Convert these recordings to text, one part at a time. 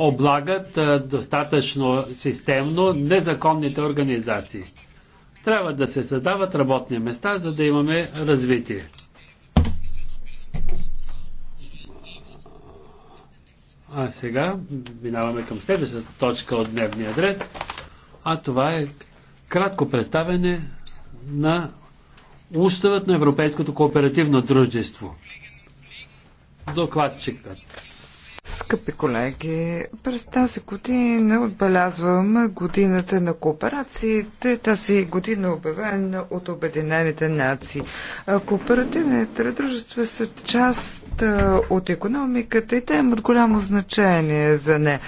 облагат достатъчно системно незаконните организации. Трябва да се създават работни места, за да имаме развитие. А сега минаваме към следващата точка от дневния ред, а това е кратко представене на Уставът на Европейското кооперативно дружество. Докладчикът Скъпи колеги, през тази година отбелязвам годината на кооперациите. Тази година е обявена от Обединените нации. Кооперативните дружества са част от економиката и те имат голямо значение за не.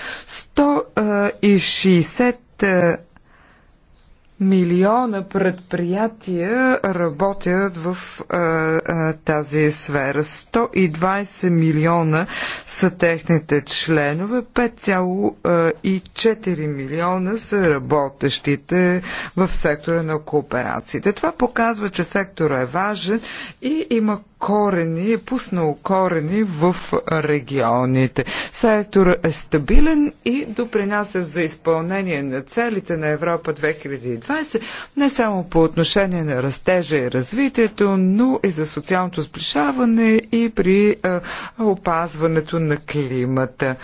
160 милиона предприятия работят в а, а, тази сфера. 120 милиона са техните членове, 5,4 милиона са работещите в сектора на кооперациите. Това показва, че сектора е важен и има корени, е пуснал корени в регионите. Сектор е стабилен и допринася за изпълнение на целите на Европа 2020, не само по отношение на растежа и развитието, но и за социалното сближаване и при опазването на климата.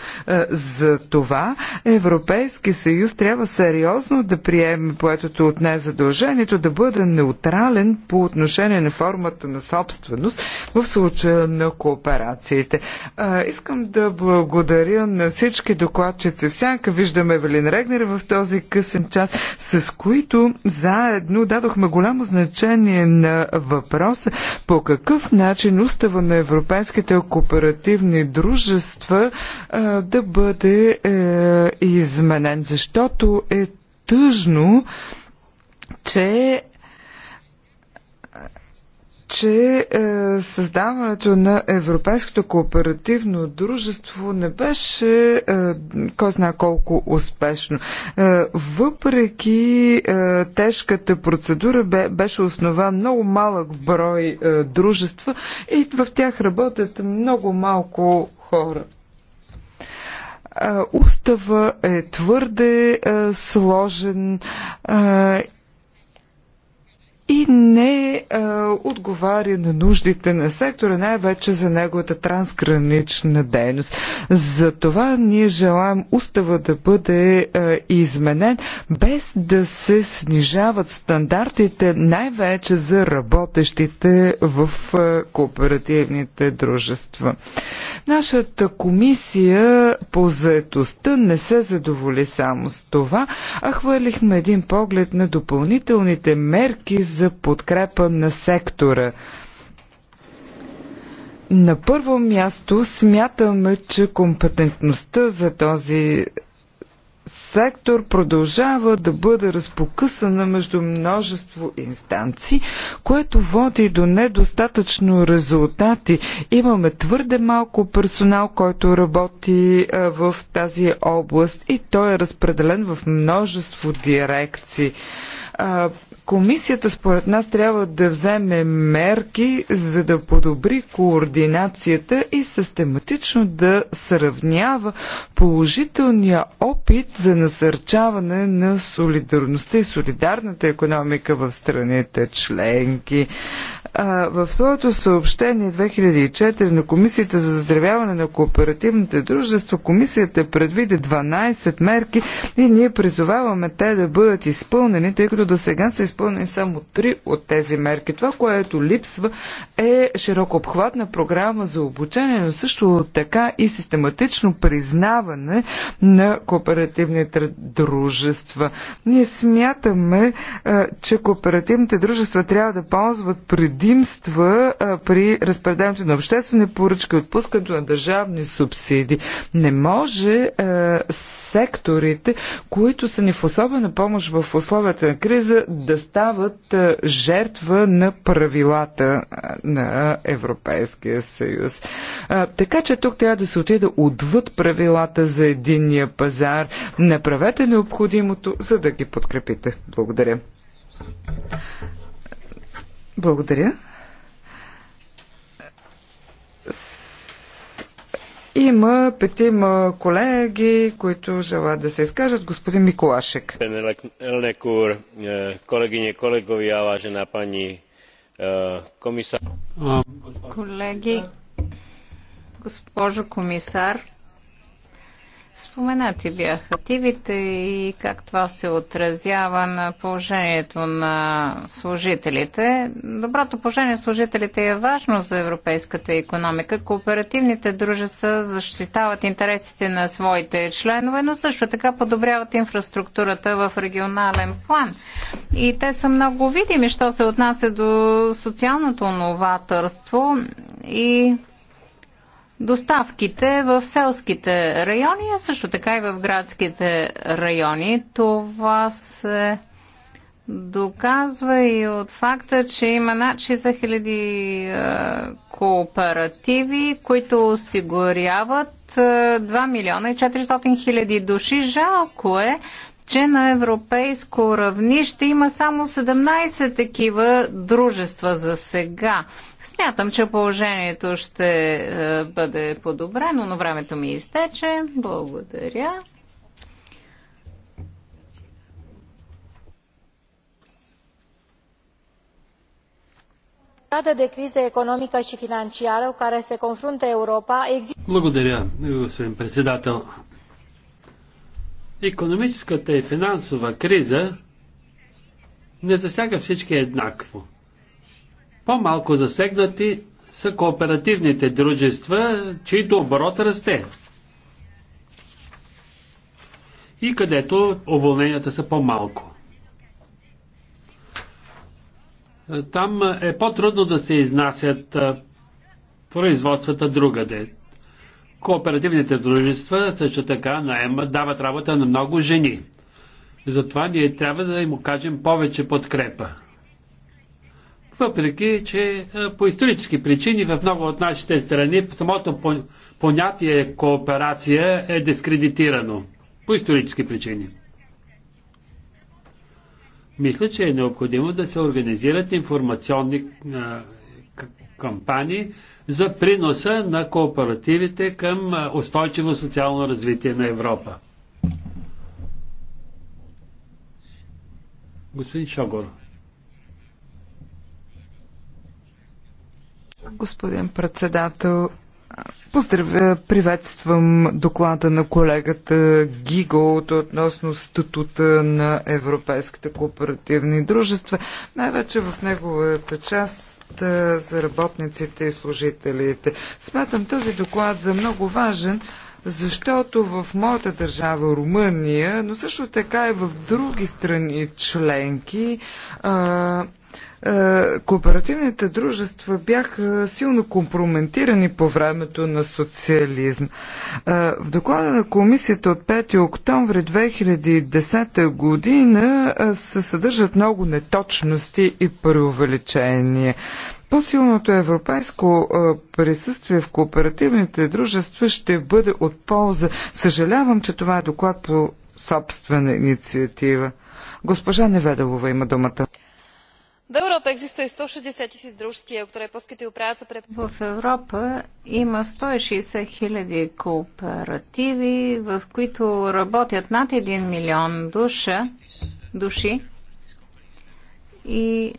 За това Европейски съюз трябва сериозно да приеме поетото от нея задължението да бъде неутрален по отношение на формата на собственост в случая на кооперациите. А, искам да благодаря на всички докладчици. Всяка виждаме Евелин Регнер в този късен час, с които заедно дадохме голямо значение на въпроса по какъв начин устава на европейските кооперативни дружества а, да бъде е, изменен, защото е тъжно, че че е, създаването на Европейското кооперативно дружество не беше е, кой знае колко успешно. Е, въпреки е, тежката процедура бе, беше основан много малък брой е, дружества и в тях работят много малко хора е, устава е твърде е, сложен е, не а, е, отговаря на нуждите на сектора, най-вече за неговата трансгранична дейност. За това ние желаем устава да бъде а, е, изменен, без да се снижават стандартите, най-вече за работещите в а, е, кооперативните дружества. Нашата комисия по заетостта не се задоволи само с това, а хвърлихме един поглед на допълнителните мерки за подкрепа на сектора. На първо място смятаме, че компетентността за този сектор продължава да бъде разпокъсана между множество инстанции, което води до недостатъчно резултати. Имаме твърде малко персонал, който работи в тази област и той е разпределен в множество дирекции. Комисията според нас трябва да вземе мерки, за да подобри координацията и систематично да сравнява положителния опит за насърчаване на солидарността и солидарната економика в страните членки. В своето съобщение 2004 на Комисията за заздравяване на кооперативните дружества, Комисията предвиди 12 мерки и ние призоваваме те да бъдат изпълнени, тъй като до сега са изпълнени само три от тези мерки. Това, което липсва е широко обхватна програма за обучение, но също така и систематично признаване на кооперативните дружества. Ние смятаме, че кооперативните дружества трябва да ползват предимства при разпределението на обществени поръчки, отпускането на държавни субсидии. Не може секторите, които са ни в особена помощ в условията на криза, криза да стават жертва на правилата на Европейския съюз. Така че тук трябва да се отида отвъд правилата за единния пазар. Направете необходимото, за да ги подкрепите. Благодаря. Благодаря. Има петима колеги, които желаят да се изкажат. Господин Миколашек. Еленекур, е, колегиня, колеговия, важена пани е, комисар. Колеги, госпожо комисар, Споменати бяха активите и как това се отразява на положението на служителите. Доброто положение на служителите е важно за европейската економика. Кооперативните дружества защитават интересите на своите членове, но също така подобряват инфраструктурата в регионален план. И те са много видими, що се отнася до социалното новаторство и доставките в селските райони, а също така и в градските райони. Това се доказва и от факта, че има над 60 хиляди кооперативи, които осигуряват 2 милиона и 400 хиляди души. Жалко е, че на европейско равнище има само 17 такива дружества за сега. Смятам, че положението ще е, бъде подобрено, но времето ми изтече. Благодаря. de criză economică și financiară cu care se confruntă Europa Благодаря, господин председател. Економическата и финансова криза не засяга всички еднакво. По-малко засегнати са кооперативните дружества, чието оборот расте. И където уволненията са по-малко. Там е по-трудно да се изнасят производствата другаде. Кооперативните дружества също така наемат, дават работа на много жени. Затова ние трябва да им окажем повече подкрепа. Въпреки, че по исторически причини в много от нашите страни самото понятие кооперация е дискредитирано. По исторически причини. Мисля, че е необходимо да се организират информационни кампании, за приноса на кооперативите към устойчиво социално развитие на Европа. Господин Шогор. Господин председател, Поздравя, приветствам доклада на колегата Гиголт относно статута на европейските кооперативни дружества. Най-вече в неговата част за работниците и служителите. Смятам този доклад за много важен, защото в моята държава, Румъния, но също така и в други страни членки, а, е, кооперативните дружества бяха силно компрометирани по времето на социализм. Е, в доклада на комисията от 5 октомври 2010 година е, се съдържат много неточности и преувеличения. По-силното европейско присъствие в кооперативните дружества ще бъде от полза. Съжалявам, че това е доклад по собствена инициатива. Госпожа Неведелова има думата. 160 В Европа има 160 хиляди кооперативи, в които работят над 1 милион душа, души. И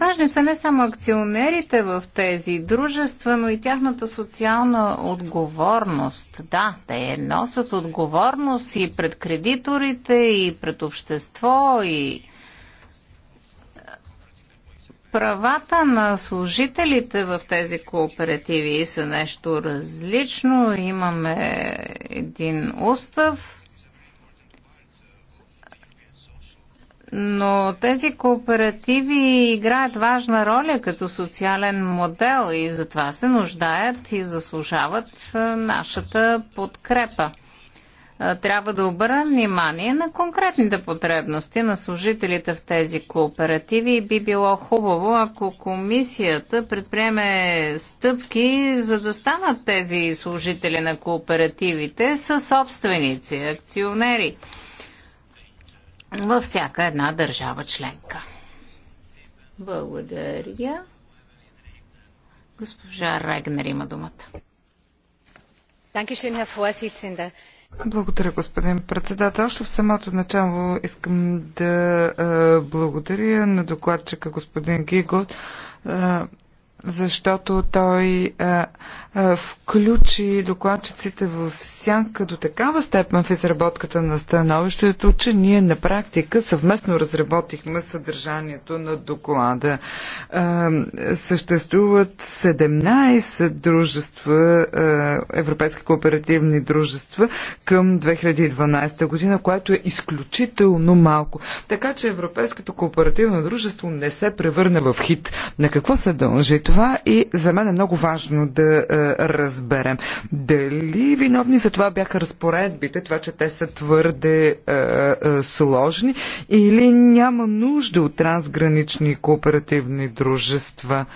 важни са не само акционерите в тези дружества, но и тяхната социална отговорност. Да, те носят отговорност и пред кредиторите, и пред общество, и правата на служителите в тези кооперативи са нещо различно. Имаме един устав, но тези кооперативи играят важна роля като социален модел и затова се нуждаят и заслужават нашата подкрепа трябва да обърнем внимание на конкретните потребности на служителите в тези кооперативи и би било хубаво, ако комисията предприеме стъпки, за да станат тези служители на кооперативите са собственици, акционери във всяка една държава членка. Благодаря. Госпожа Регнер има думата. Dankeschön, Herr Vorsitzender. Благодаря, господин председател. Още в самото начало искам да благодаря на докладчика господин Гигот защото той а, а, включи докладчиците в сянка до такава степен в изработката на становището, че ние на практика съвместно разработихме съдържанието на доклада. А, съществуват 17 дружества, а, европейски кооперативни дружества към 2012 година, което е изключително малко. Така че Европейското кооперативно дружество не се превърне в хит. На какво се дължи това и за мен е много важно да е, разберем дали виновни за това бяха разпоредбите, това, че те са твърде е, е, сложни или няма нужда от трансгранични кооперативни дружества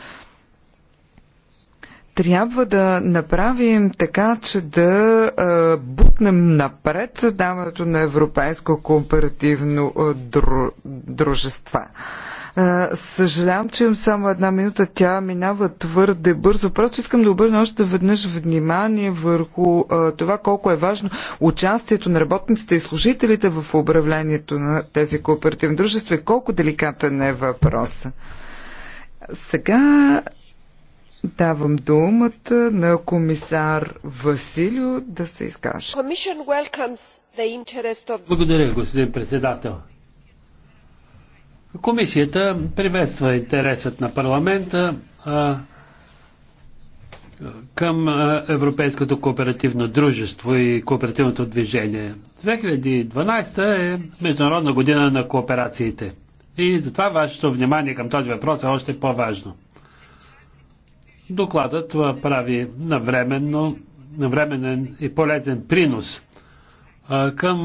трябва да направим така, че да а, бутнем напред създаването на Европейско кооперативно дру, дружество. Съжалявам, че имам само една минута. Тя минава твърде бързо. Просто искам да обърна още веднъж внимание върху това колко е важно участието на работниците и служителите в управлението на тези кооперативни дружества и колко деликатен е въпроса. Сега Давам думата на комисар Василио да се изкаже. Благодаря, господин председател. Комисията приветства интересът на парламента а, към Европейското кооперативно дружество и кооперативното движение. 2012 е Международна година на кооперациите. И затова вашето внимание към този въпрос е още по-важно. Докладът прави навременно, навременен и полезен принос към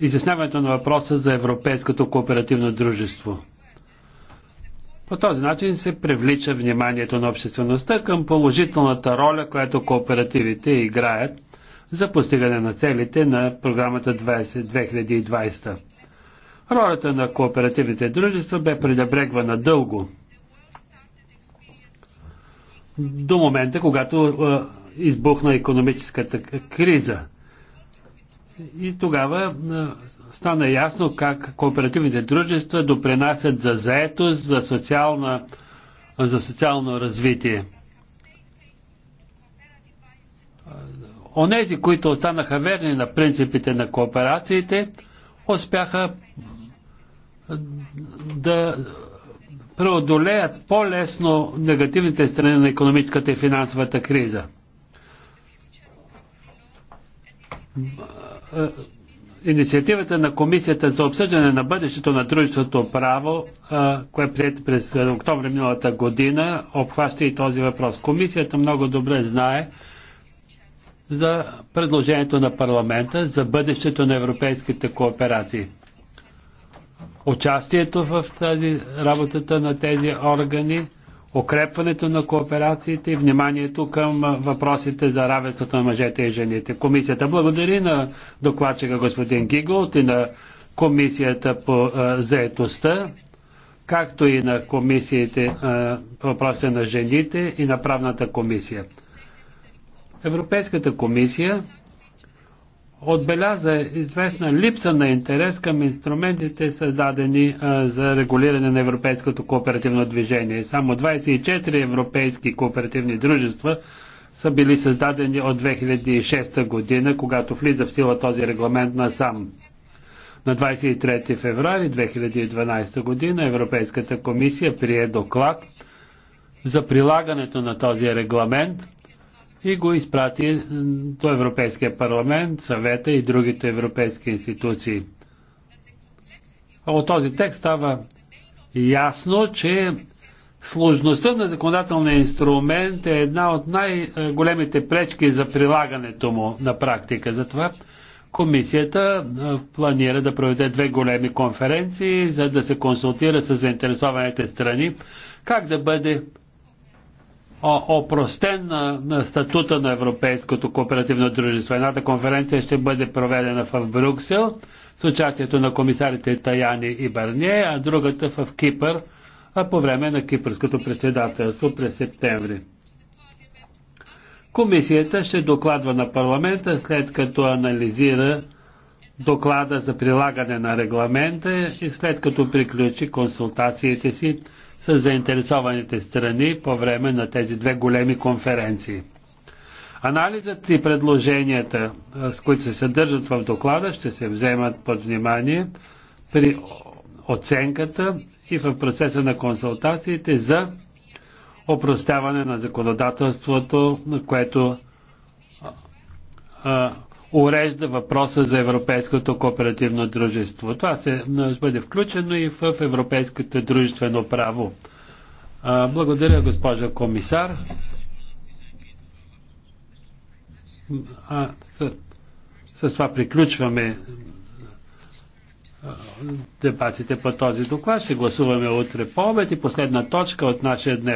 изясняването на въпроса за Европейското кооперативно дружество. По този начин се привлича вниманието на обществеността към положителната роля, която кооперативите играят за постигане на целите на програмата 2020. Ролята на кооперативните дружества бе пренебрегвана дълго. До момента, когато е, избухна економическата криза – и тогава стана ясно как кооперативните дружества допринасят за заетост, за, социална, за социално развитие. Онези, които останаха верни на принципите на кооперациите, успяха да преодолеят по-лесно негативните страни на економическата и финансовата криза е, инициативата на комисията за обсъждане на бъдещето на дружеството право, е, което е прието през е, октомври миналата година, обхваща и този въпрос. Комисията много добре знае за предложението на парламента за бъдещето на европейските кооперации. Участието в тази работата на тези органи укрепването на кооперациите и вниманието към въпросите за равенството на мъжете и жените. Комисията благодари на докладчика господин Гиголт и на Комисията по заетостта, както и на комисиите по въпросите на жените и на правната комисия. Европейската комисия отбеляза известна липса на интерес към инструментите, създадени а, за регулиране на европейското кооперативно движение. Само 24 европейски кооперативни дружества са били създадени от 2006 година, когато влиза в сила този регламент на сам. На 23 феврари 2012 година Европейската комисия прие доклад за прилагането на този регламент – и го изпрати до Европейския парламент, съвета и другите европейски институции. От този текст става ясно, че сложността на законодателния инструмент е една от най-големите пречки за прилагането му на практика. Затова комисията планира да проведе две големи конференции, за да се консултира с заинтересованите страни как да бъде опростен на, на статута на Европейското кооперативно дружество. Едната конференция ще бъде проведена в Брюксел с участието на комисарите Таяни и Барне, а другата в Кипър а по време на кипърското председателство през септември. Комисията ще докладва на парламента след като анализира доклада за прилагане на регламента и след като приключи консултациите си с заинтересованите страни по време на тези две големи конференции. Анализът и предложенията, с които се съдържат в доклада, ще се вземат под внимание при оценката и в процеса на консултациите за опростяване на законодателството, което а, урежда въпроса за Европейското кооперативно дружество. Това се е, бъде включено и в Европейското дружествено право. Благодаря, госпожа комисар. А, с, с това приключваме дебатите по този доклад. Ще гласуваме утре по обед и последна точка от нашия днес.